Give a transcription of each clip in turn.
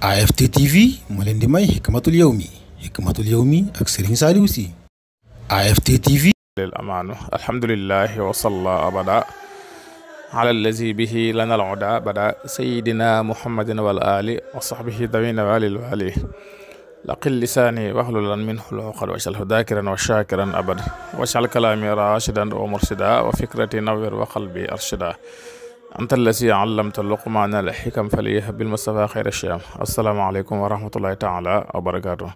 AFT TV moo leen di may Hikmatul Yawmi Hikmatul Yawmi ak Serigne Saliou Sy AFT TV lil amaanu alhamdulillahi wa salla abada ala allazi bihi lana al uda bada sayidina muhammadin wal ali wa sahbihi dawina walil wali laqil lisaani waxlulan min xuluqad waj'alhu daakiran wa shaakiran abad waj'al kalaami rashidan wa mursida wa fikrati nawwir wa qalbi arshida anta allasi allamta luqmaana al xikam faliha bil mustafa xayra shiyam asalaamaaleykum wa rahmatullahi taala wa barakaatu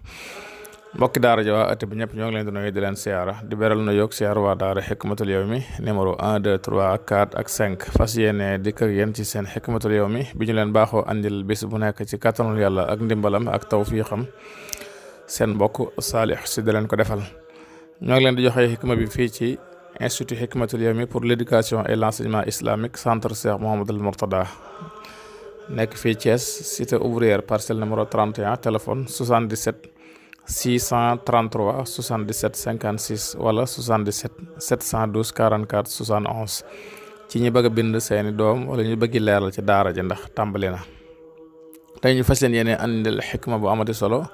mbokki daara ja waa bi ñëpp ñoo ngi leen di nuyu di leen siyaara di beral nu yoog siyaar waa daara xikmatul yawmi numéro 1 2 3 ak 5 fas yéene dikk ak ci seen xikmatul yawmi bi ñu leen baaxoo andil bis bu nekk ci kàttanul yàlla ak ndimbalam ak tawfiixam seen mbokk saalix si da leen ko defal ñoo leen di joxe xikma bi institut Hikmatul Yawmi pour l'éducation et l'enseignement islamique centre Cheikh Mouhamadul Mourtada nekk fii Thiès cité ouvrière parcelle numéro 31 téléphone 77 633 77 56 wala 77 712 44 71 ci ñi bëgg a bind seeni doom wala ñu bëggi leeral ci daara ji ndax tàmbali na tey ñu fas leen yéene andil xikma bu amati solo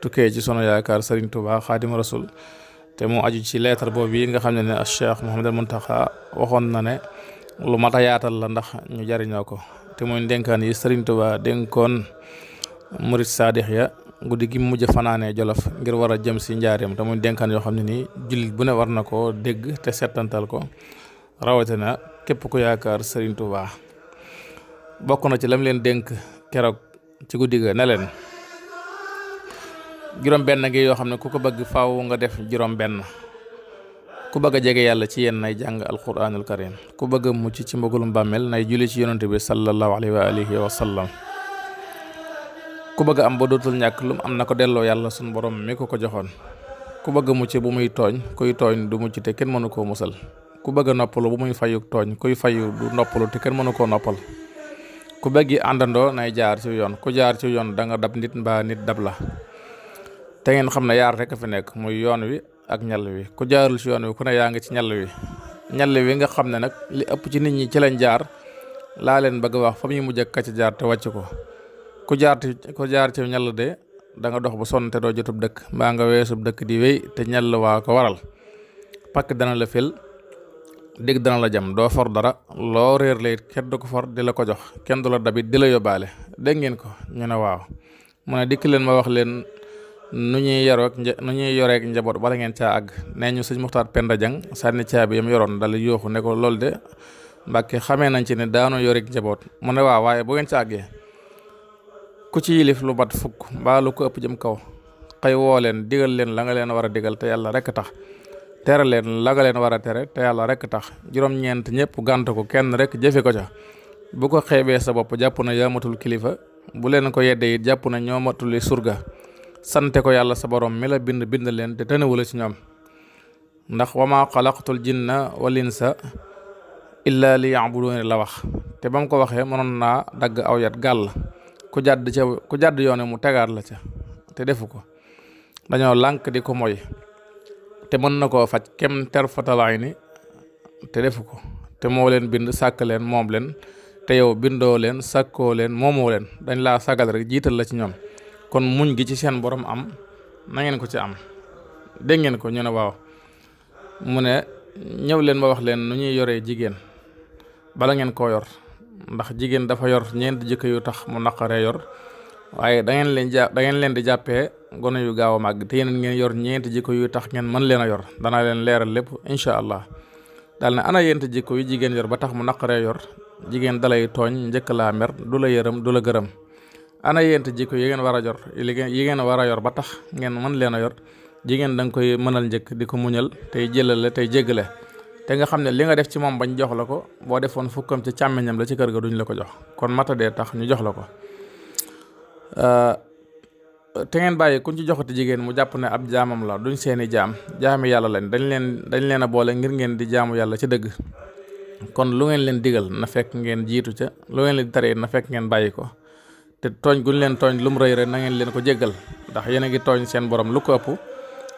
tukkee ci sunu yaakaar Serigne Touba Xaadimu Rasul te mu aju ci lettre boobu yi nga xam ne ne Cheikh Mouhamadul Mountakha waxoon na ne lu mat a yaatal la ndax ñu jariñoo ko te muy denkaan yi Serigne Touba dénkoon Murid Saadix ya guddi gi mujj fanaanee Jolof ngir war a jëm si njaareem te muy yoo xam ne nii jullit bu ne war na koo dégg te settantal ko rawatina képp ku yaakaar Serigne Touba bokk na ci lam leen dénk keroog ci guddi ga ne leen juróom benn gi yoo xam ne ku ko bëgg faaw nga def juróom benn ku bëgg a jege yàlla ci yenn nay jàng alquranul karim ku bëgg a mucc ci mbëggalum mbàmmeel nay julli ci yonante bi sallallahu alayhi wa alihi wa sallam ku bëgg a am ba dootul ñàkk lum am na ko delloo yàlla suñ borom mi ko ko joxoon ku bëgg a mucc bu muy tooñ kuy tooñ du mucc te kenn mënu koo musal ku bëgg a noppalu bu muy fayu tooñ kuy fayu du noppalu te kenn mënu koo noppal ku bëgg àndandoo nay jaar ci yoon ku jaar ci yoon da nga dab nit mbaa nit dab la te ngeen xam ne yaar rekk fi nekk muy yoon wi ak ñal wi ku jaarul si yoon wi ku ne yaa ngi ci ñal wi ñal wi nga xam ne nag li ëpp ci nit ñi ci lañ jaar laa leen bëgg wax fa muy mujj ak ka ci jaar te wàcc ko ku jaar ci ku jaar ci ñal de danga dox ba sonn te doo jotub dëkk mbaa nga weesub dëkk di wéy te ñal waa ko waral pakk dana la fil dig dana la jam doo for dara loo réer la it kenn du ko for di la ko jox kenn du la dabit di la yóbbaale dégg ngeen ko ñu ne waaw nu ñuy yaroog nu ñuy yoreeg njaboot bala ngeen caa àgg nee ñu sëñ Muxtaar Penda Jang sànni caabi yam yoroon dal yooxu ne ko loolu de mbàkke xamee nañ ci ne daanoo yoreeg njaboot mu ne waa waaye bu ngeen ca àggee ku ci yilif lu mat fukk mbaa lu ko ëpp jëm kaw xëy woo leen digal leen la nga leen war a digal te yàlla rekk tax tere leen la leen war a tere te yàlla rekk tax juróom-ñeent ñëpp gànt ko kenn rek jëfe ko ca bu ko xeebee sa bopp jàpp na yaa kilifa bu leen ko yedde jàpp na ñoo matul surga sante ko yàlla sa borom mi la bind bind leen te tënewula ci ñoom ndax wama xalaqtul jinna wal sa illa li ya'budun la wax te ba mu ko waxee mënoon naa dagg aw yat gàll ku jàdd ca ku jàdd yoone mu tegaat la ca te defu ko dañoo lànk di ko moy te mën na koo faj kem ter fatalaay ni te defu ko te moo leen bind sàkk leen moom leen te yow bindoo leen sàkkoo leen moomoo leen dañ laa sagal rek jiital la ci ñoom kon muñ gi ci seen borom am nangeen ko ci am dégg ngeen ko ñu ne waaw mu ne ñëw leen ma wax leen nu ñuy yoree jigéen bala ngeen koo yor ndax jigéen dafa yor ñeenti jikko yu tax mu naqaree yor waaye da leen ja da ngeen leen di jàppee gone yu gaaw a màgg yeneen ngeen yor ñeenti jikko yu tax ngeen mën leen a yor danaa leen leeral lépp incha allah daal ne ana yent jikko yu jigéen yor ba tax mu naqaree yor jigéen dalay tooñ njëkk laa mer du la yërëm du la gërëm ana yent jikko yi ngeen war a yor li ngeen yi ngeen war a yor ba tax ngeen mën leen a yor jigéen danga nga koy mënal njëkk di ko muñal tey jëlale tey jéggale te nga xam ne li nga def ci moom bañ jox la ko boo defoon fukkam ca càmmiñam la ci kër ga duñ la ko jox kon dee tax ñu jox la ko euh, te ngeen bàyyi kuñ ci joxati jigéen mu jàpp ne ab jaamam la duñ seeni jaam jaami yàlla lañ dañ leen dañ leen a boole ngir ngeen di jaamu yàlla ci dëgg kon lu ngeen leen digal na fekk ngeen jiitu ca lu ngeen leen di tere na fekk ngeen bàyyi ko te tooñ gu ñu leen tooñ lu mu rëy rek nangeen leen ko jéggal ndax yéen a ngi tooñ seen borom lu ko ëpp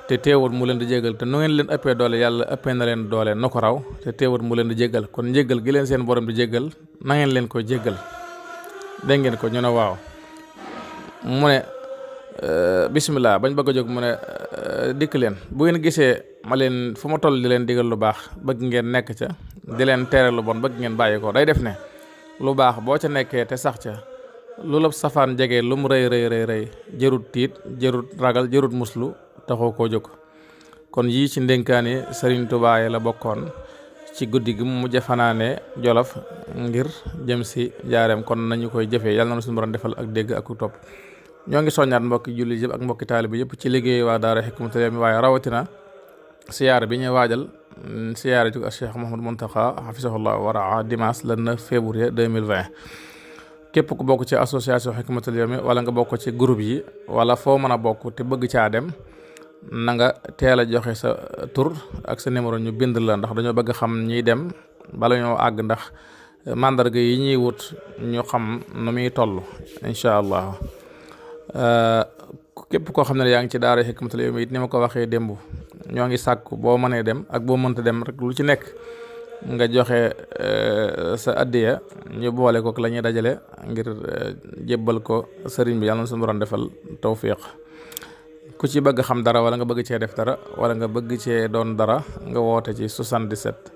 te teewut mu leen di jéggal te nu ngeen leen ëppee doole yàlla ëppee na leen doole na ko raw te teewut mu leen di jéggal kon njéggal gi leen seen borom di jéggal na ngeen leen ko jéggal dégg ngeen ko ñu ne waaw mu ne euh, bisimilah bañ bëgg a jóg mu ne euh, dikk leen bu ngeen gisee ma leen fu ma toll di leen digal lu baax bëgg ngeen nekk ca di leen tere lu bon bëgg ngeen bàyyi ko day def ne lu baax boo ca nekkee sax ca lu la safaan jege lu mu rëy rëy rëy rëy jërut tiit jërut ragal jërut muslu taxoo koo jóg kon yii ci ndénkaane Sëriñ Tuubaa la bokkoon ci guddi gi mu jafanaane jolof ngir jëm si jaareem kon nañu koy jëfee yàlla na suñu borom defal ak dégg ak topp ñoo ngi soññaat mbokki julli yëpp ak mbokki taalibe yëpp ci liggéey waa daara Hikmatul Yawmi waaye rawatina siyaara bi ñuy waajal siyaara ju ak Cheikh Mouhamadou Mountakha hafisahullah la dimanche le 9 mille vingt képp ku bokk ci association Hikmatul Yawmi wala nga bokk ci groupe yi wala foo mën a bokk te bëgg caa dem na nga teel a joxe sa tur ak sa numéro ñu bind la ndax dañoo bëgg xam ñuy dem bala ñoo àgg ndax mandarga yi ñuy wut ñu xam nu muy toll incha allah uh, képp koo xam ne yaa ngi ci daara Hikmatul Yawmi it ni ma ko waxee démb ñoo ngi sàkk boo mënee dem ak boo mënta dem rek lu ci nekk. nga joxe euh, sa addiya ñu boole kook la ñuy dajale ngir euh, jébbal ko sëriñ bi yàlla na suñu borom defal tew tawfiq ku ci bëgg xam dara wala nga bëgg cee def dara wala nga bëgg cee doon dara nga woote ci 77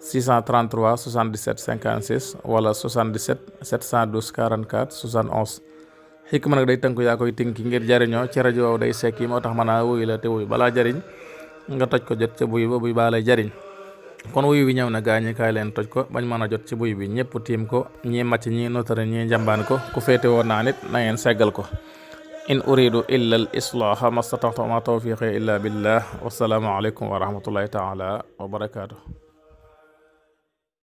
633 77 56 wala 77 712 44 71 ma nag day tënku yaa koy tinki ngir jariñoo ci rajo waaw day sekki moo tax mën naa wuy la te wuy balaa jariñ nga toj ko jot ca buy ba buy baa jariñ kon wuyu wi ñaw na gaa ñi leen toj ko bañ mën a jot ci buy bi ñëpp tiim ko ñii màcc ñii notari ñii njàmbaan ko ku féete woon naa nit na seggal ko in uridu illa al islaaha mastatata ma tawfiqi illa billah wasalaamu aleykum wa rahmatullahi taala wa barakaatu